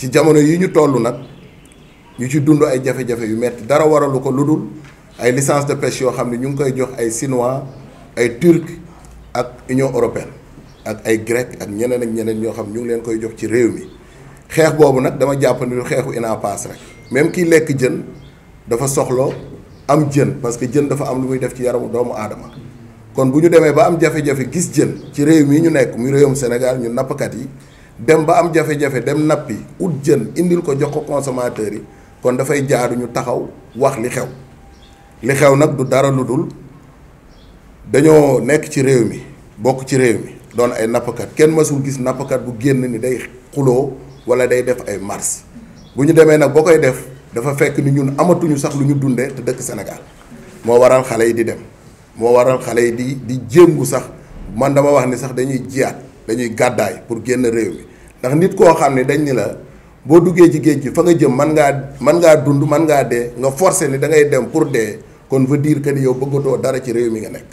ci jamono yi ñu toll nag ñu ci dund ay jafe-jafe yu metti dara waralu ko lu dul ay licence de pêche yoo xam ne ñu ngi koy jox ay chinois ay turc ak union européenne ak ay grec ak ñeneen ak ñeneen ñoo xam ñu ngi leen koy jox ci réew mi xeex boobu nag dama jàpp ni xeexu ina paas rek même kiy lekk jën dafa soxla am jën parce que jën dafa am lu muy def ci yaramu doomu aadama kon bu ñu demee ba am jafe-jafe gis jën ci réew mi ñu nekk muy réewum senegal ñu nappkat yi dem ba am jafe-jafe dem nappi ut jën indil ko jox ko consommateurs yi kon dafay jaadu ñu taxaw wax li xew li xew nag du dara lu dul dañoo nekk ci réew mi bokk ci réew mi doon ay nappkat kenn mësul gis nappkat bu génn ni day xuloo wala day def ay mars bu ñu demee nag boo koy def dafa fekk ni ñun amatuñu sax lu ñu dundee te dëkk Sénégal moo waral xale yi di dem moo waral xale yi di di jéngu sax man dama wax ni sax dañuy jiyaat dañuy gàddaay pour génn réew mi ndax nit koo xam ne dañ ni la boo duggee ci géej gi fa nga jëm man ngaa man ngaa dund man ngaa dee nga forcé ni da ngay dem pour dee kon veut dire que ni yow doo dara ci réew mi nga nekk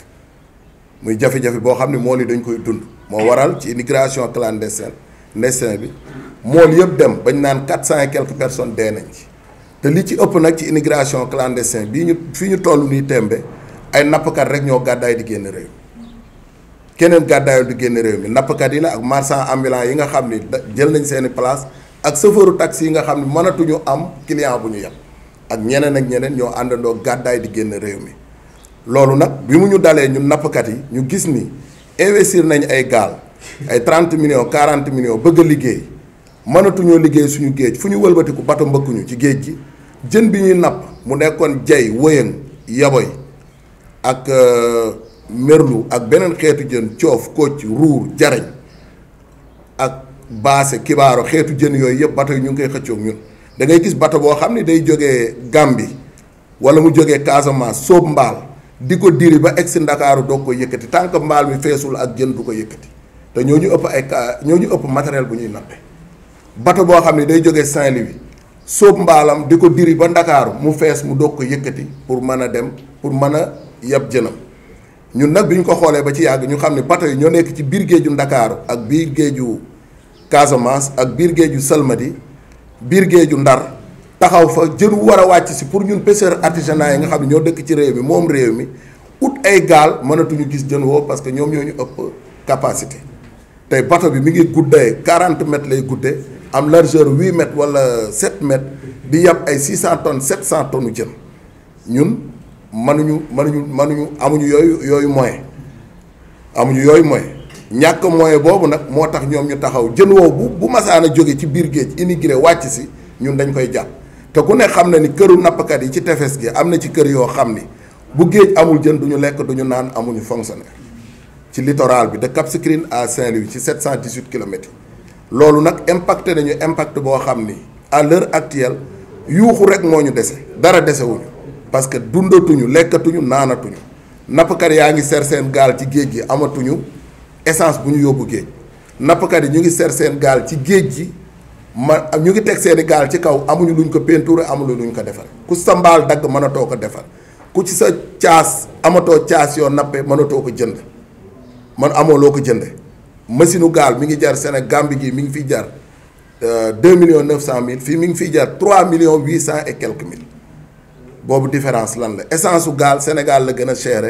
muy jafe-jafe boo xam ne moo ni dañ koy dund moo waral ci immigration clandestine clandestin bi mool yëpp dem bañ naan quatre cent et personne personnes dee nañ ci te li ci ëpp nag ci immigration clandestine bii ñu fii ñu toll nii tembe ay nappkat rek ñoo gàddaay di génn réew keneen gàddaayul di génn réew mi nappkat yi la ak marchand ambulant yi nga xam ni jël nañ seeni place ak chauffeuru taxi yi nga xam ne mënatuñu am client bu ñu yàpp ak ñeneen ak ñeneen ñoo àndandoo gàddaay di génn réew mi loolu nag bi mu ñu dalee ñun nappkat yi ñu gis ni investir nañ ay gaal ay 30 millions 40 millions bëgg a liggéey mënatuñoo liggéey suñu géej fu ñu wëlbatiku bato mbëkkuñu ci géej gi jën bi ñuy napp mu nekkoon jay wëyëng yaboy ak euh, merlu ak beneen xeetu jën coof kocc ruur jarañ ak baase kibaaro xeetu jën yooyu yëpp bato yi ñu ngi koy xëccoog ñun dangay gis bato boo xam ne day jógee Gàmbi wala mu jóge Casamance sóob mbaal di ko diri ba egg si Ndakaaru doog ko yëkkati tànk mbaal mi feesul ak jën du ko yëkkati te ñoo ñu ëpp ay ñoo ñu ëpp matériel bu ñuy nappe bato boo xam ne day jóge Saint-Louis sóob mbaalam di ko diri ba ndakaaru mu fees mu doog ko yëkkati pour mën a dem pour mën a yab jënam ñun nag bi ñu ko xoolee ba ci yàgg ñu xam ne bato yi ñoo nekk ci biir géeju ndakaaru ak biir géeju Casamance ak biir géeju Salmadi biir géeju Ndar taxaw fa jën wu war a wàcc si pour ñun pêcheurs artisanat yi nga xam ne ñoo dëkk ci réew mi moom réew mi ut ay gaal mënatuñu gis jën woo parce que ñoom ñoo ñu ëpp capacité te bato bi mi ngi guddee 40 lay guddee. am largeur huit mètres wala sept mètres di yàpp ay six cent tonnes sept cent tonnes jën ñun mënuñu mënuñu mënuñu amuñu yooyu yooyu moyen amuñu yooyu moyen ñàkk moyen boobu nag moo tax ñoom ñu taxaw jën woow bu bu masaan a jóge ci biir géej immigré wàcc si ñun dañ koy jàpp te ku ne xam na ni këru nappkat yi ci tefes gi am na ci kër yoo xam ni bu géej amul jën du ñu lekk duñu naan amuñu fonctionnaire ci littoral bi de Cap Skirring à Saint-Louis ci 718 kilomètres loolu nag impacté nañu impact boo xam ni à l'heure actuelle yuuxu rek moo ñu dese dara desewuñu parce que dundatuñu lekkatuñu naanatuñu nappkat yaa ngi ser seen gaal ci géej gi amatuñu essence bu ñu yóbbu géej nappkat yi ñu ngi ser seen gaal ci géej gi ma ñu ngi teg seeni gaal ci kaw amuñu luñ ko peinture lu luñ ko defar ku sa mbaal dagg mënatoo ko defar ku ci sa caas amatoo caas yoo nappe mënatoo ko jënd man amoo loo ko jënd machine gaal mi ngi jar Sénégal Gambie gii mi ngi fiy jar euh, deux millions neuf cent mille fii mi ngi fiy jar trois millions huit cent et quelques mille boobu différence lan la essence su gaal Sénégal la gën a cher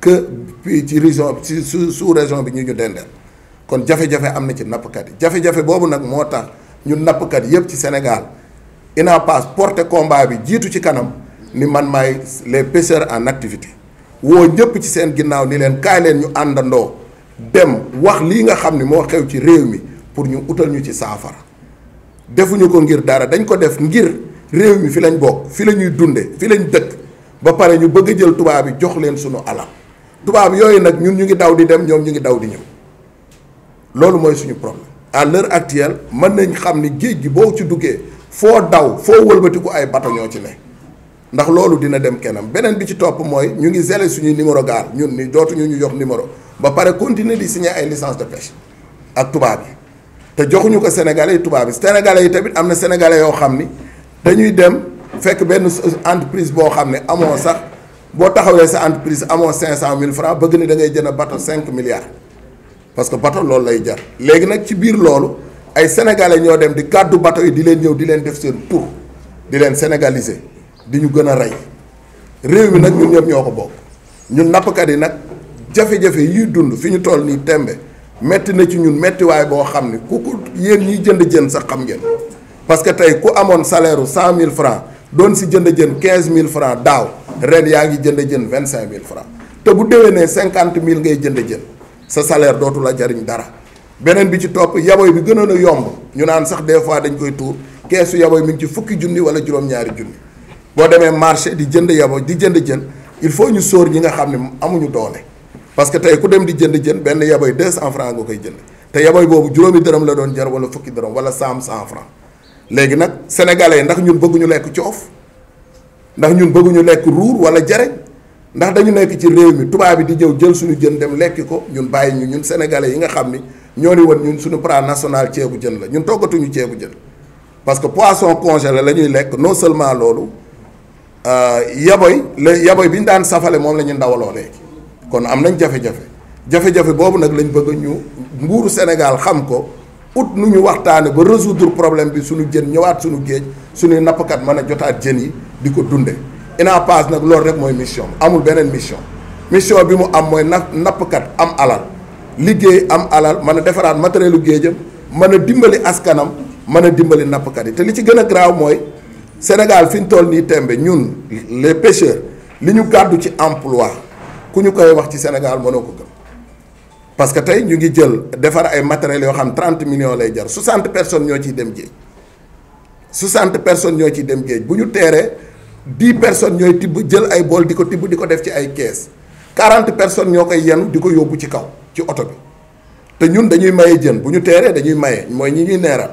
que fii ci région ci su sous région bi ñu ñu dendeel kon jafe-jafe am na ci nappkat yi jafe-jafe boobu nag moo tax ñun nappkat yëpp ci Sénégal INAPAS porté combat bi jiitu ci kanam ni man may les pêcheurs en activité woo ñëpp ci seen ginnaaw ni leen kaay leen ñu àndandoo. dem wax lii nga xam ni moo xew ci réew mi pour ñu utal ñu ci saafara defuñu ko ngir dara dañ ko def ngir réew mi fi lañ bokk fi lañuy ñuy dunde fi lañ dëkk ba pare ñu bëgg jël tubaab yi jox leen suñu alal tubaab yooyu nag ñun ñu ngi daw di dem ñoom ñu ngi daw di ñëw loolu mooy suñu problème à l'heure actuelle mën nañ xam ni géej gi boo ci duggee foo daw foo wëlbatiku ay bato ñoo ci ne ndax loolu dina dem kenam beneen bi ci topp mooy ñu ngi zele suñu numéro gaal ñun ni dootuñu ñu jox numéro ba pare continuer di signer ay licence de pêche ak tubaab yi te joxuñu ko sénégalais yi tubaab yi sénégalais yi tamit am na sénégalais yoo xam ni dañuy dem fekk benn entreprise boo xam ne amoo sax boo taxawee sa entreprise amoo cinq cent mille francs bëgg ni da jën jënd bato cinq milliards parce que bato loolu lay jar léegi nag ci biir loolu ay sénégalais ñoo dem di kàddu bato yi di leen ñëw di leen def seen pour di leen sénégaliser di ñu gën a rey réew mi nag ko bokk ñun nappkat yi nag jafe-jafe yuy dund fi ñu toll nii tembe metti na ci ñun mettiwaay boo xam ne ku ku yéen ñiy jënd jën sax xam ngeen parce que tey ku amoon salaire u cent mille francs doon si jënd jën quinze mille francs daaw ren yaa ngi jënd jën vingt cinq mille francs te bu ne cinquante mille ngay jënd jën sa salaire dootu la jariñ dara beneen bi ci topp yaboy bi gënoon a yomb ñu naan sax des fois dañ koy tuur keesu yaboy mi ngi ci fukki junni wala juróom-ñaari junni boo demee marché di jënd yaboy di jënd jën il faut ñu sóor ñi nga xam ne amuñu doole parce que tey ku dem di jënd jën benn yaboy en francs nga koy jënd te yaboy boobu juróomi dërëm la doon jar wala fukki dërëm wala saam 100 francs léegi nag sénégalais ndax ñun bëgguñu lekk coof ndax ñun bëgguñu lekk ruur wala jareñ ndax dañu nekk ci réew mi tubaab yi di jëw jël suñu jën dem lekki ko ñun bàyyi ñu ñun sénégalais yi nga xam ni ñoo ni woon ñun suñu plat national ceebu jën la ñun toggatuñu ceebu jën parce que poisson congelé la ñuy lekk non seulement loolu euh, yaboy la yaboy bi ñu daan safale moom la ñu ndawaloo kon am nañ jafe-jafe jafe-jafe boobu nag lañ bëgg ñu nguuru Sénégal xam ko ut nu ñu waxtaane ba résoudre problème bi suñu jën ñëwaat suñu géej suñuy nappkat mën a jotaat jën yi di ko dunde INAPAS nag loolu rek mooy mission amul beneen mission mission bi mu am mooy nappkat am alal liggéey am alal mën a defaraat matérielu géejam mën a dimbali askanam mën a dimbali nappkat yi te li ci gën a graaw mooy Sénégal fi ñu toll nii tembe ñun les pêcheurs li ñu gàddu ci emploi ku ñu koy wax ci Sénégal mënoo ko gëm parce que tey ñu ngi jël defar ay matériels yoo xam 30 millions lay jar 60 personnes ñoo ciy dem géej 60 personnes ñoo ciy dem géej bu ñu teeree 10 personnes ñooy tibb jël ay bool di ko tibb di ko def ci ay kees 40 personnes ñoo koy yenu di ko yóbbu ci kaw ci oto bi te ñun dañuy maye jën bu ñu teeree dañuy maye mooy ñi ñuy neeral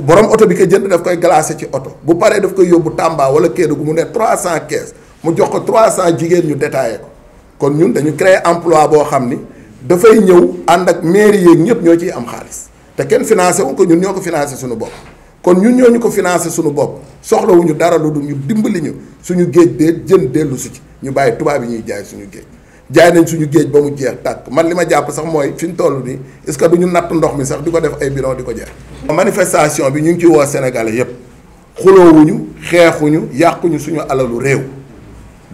borom oto bi ko jënd daf koy glacé ci oto bu paree daf koy yóbbu Tamba wala Kédougou mu ne 300 kees. mu jox ko 300 jigéen ñu détaillé ko kon ñun dañu créer emplois boo xam ni dafay ñëw ànd ak mairie yeeg ñëpp ñoo ciy am xaalis te kenn financé wu ko ñun ñoo ko financé suñu bopp. kon ñun ñoo ñu ko financé suñu bopp soxlawuñu dara lu dul ñu dimbali ñu suñu géej de jën dellu si ci ñu bàyyi tubaab yi ñuy jaay suñu géej jaay nañ suñu géej ba mu jeex tàkk man li ma jàpp sax mooy fi tollu toll nii est-ce que du ñu natt ndox mi sax di ko def ay bidon di ko jeex. manifestation bi ñu ngi ciy woo Sénégalais yëpp xuloowuñu xeexuñu yàquñu suñu alalu réew.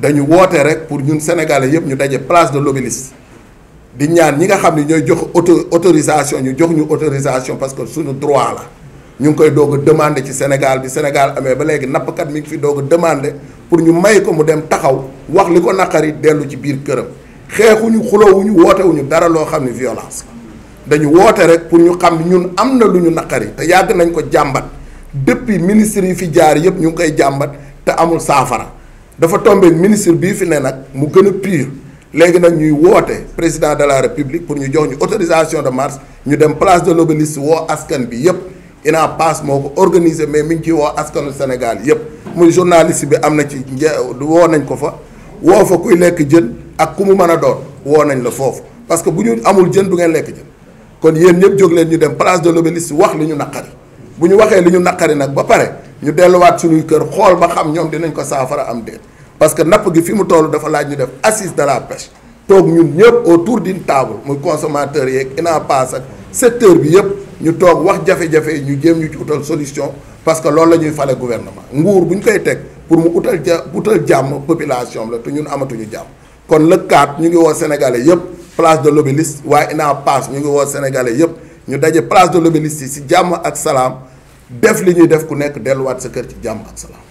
dañu woote rek pour ñun sénégalais yëpp ñu daje place de l'Obélisque di ñaan ñi nga xam ne ñooy jox auto autorisation ñu jox ñu autorisation parce que suñu droit la ñu ngi koy doog a demander ci Sénégal bi Sénégal amee ba léegi nappkat mi ngi fi doog a pour ñu may ko mu dem taxaw wax li ko naqari dellu ci biir këram xeexuñu xulowuñu wootewuñu dara loo xam ne violence la dañu woote rek pour ñu xam ñun am na lu ñu naqari te yàgg nañ ko jàmbat depuis ministre yi fi jaar yëpp ñu ngi koy jàmbat te amul saafara. dafa tombé ministre bii fi ne nag mu gën a pire léegi nag ñuy woote président de la république pour ñu jox ñu autorisation de marche ñu dem place de l'Obélisque woo askan bi yépp ina pass moo ko organisé mais mi ngi ciy woo askanu Sénégal yépp muy journaliste bi am na ci woo nañ ko fa woo fa kuy lekk jën ak ku mu mën a doon woo nañ la foofu parce que bu ñu amul jën du ngeen lekk jën kon yéen ñëpp jóg leen ñu dem place de l'Obélisque wax li ñu naqari bu ñu waxee li ñu naqari nag ba pare ñu delluwaat suñuy kër xool ba xam ñoom dinañ ko saafara am déet parce que napp gi fi mu toll dafa laaj ñu def assise de la pêche toog ñun ñëpp autour d'une table muy consommateur yeeg INAPAS ak secteur bi yëpp ñu toog wax jafe-jafe yi ñu jéem ñu ci utal solution parce que loolu la ñuy fale gouvernement nguur bu ñu koy teg pour mu utal ja utal jàmm population la ñun amatuñu jàmm kon le cadre ñu ngi woo sénégalais yëpp place de l'Obélisque waa INAPAS ñu ngi woo sénégalais yëpp ñu daje place de l'Obélisque yi si jàmm ak salaam def li ñuy def ku nekk delluwaat sa kër ci jàmm ak salaam.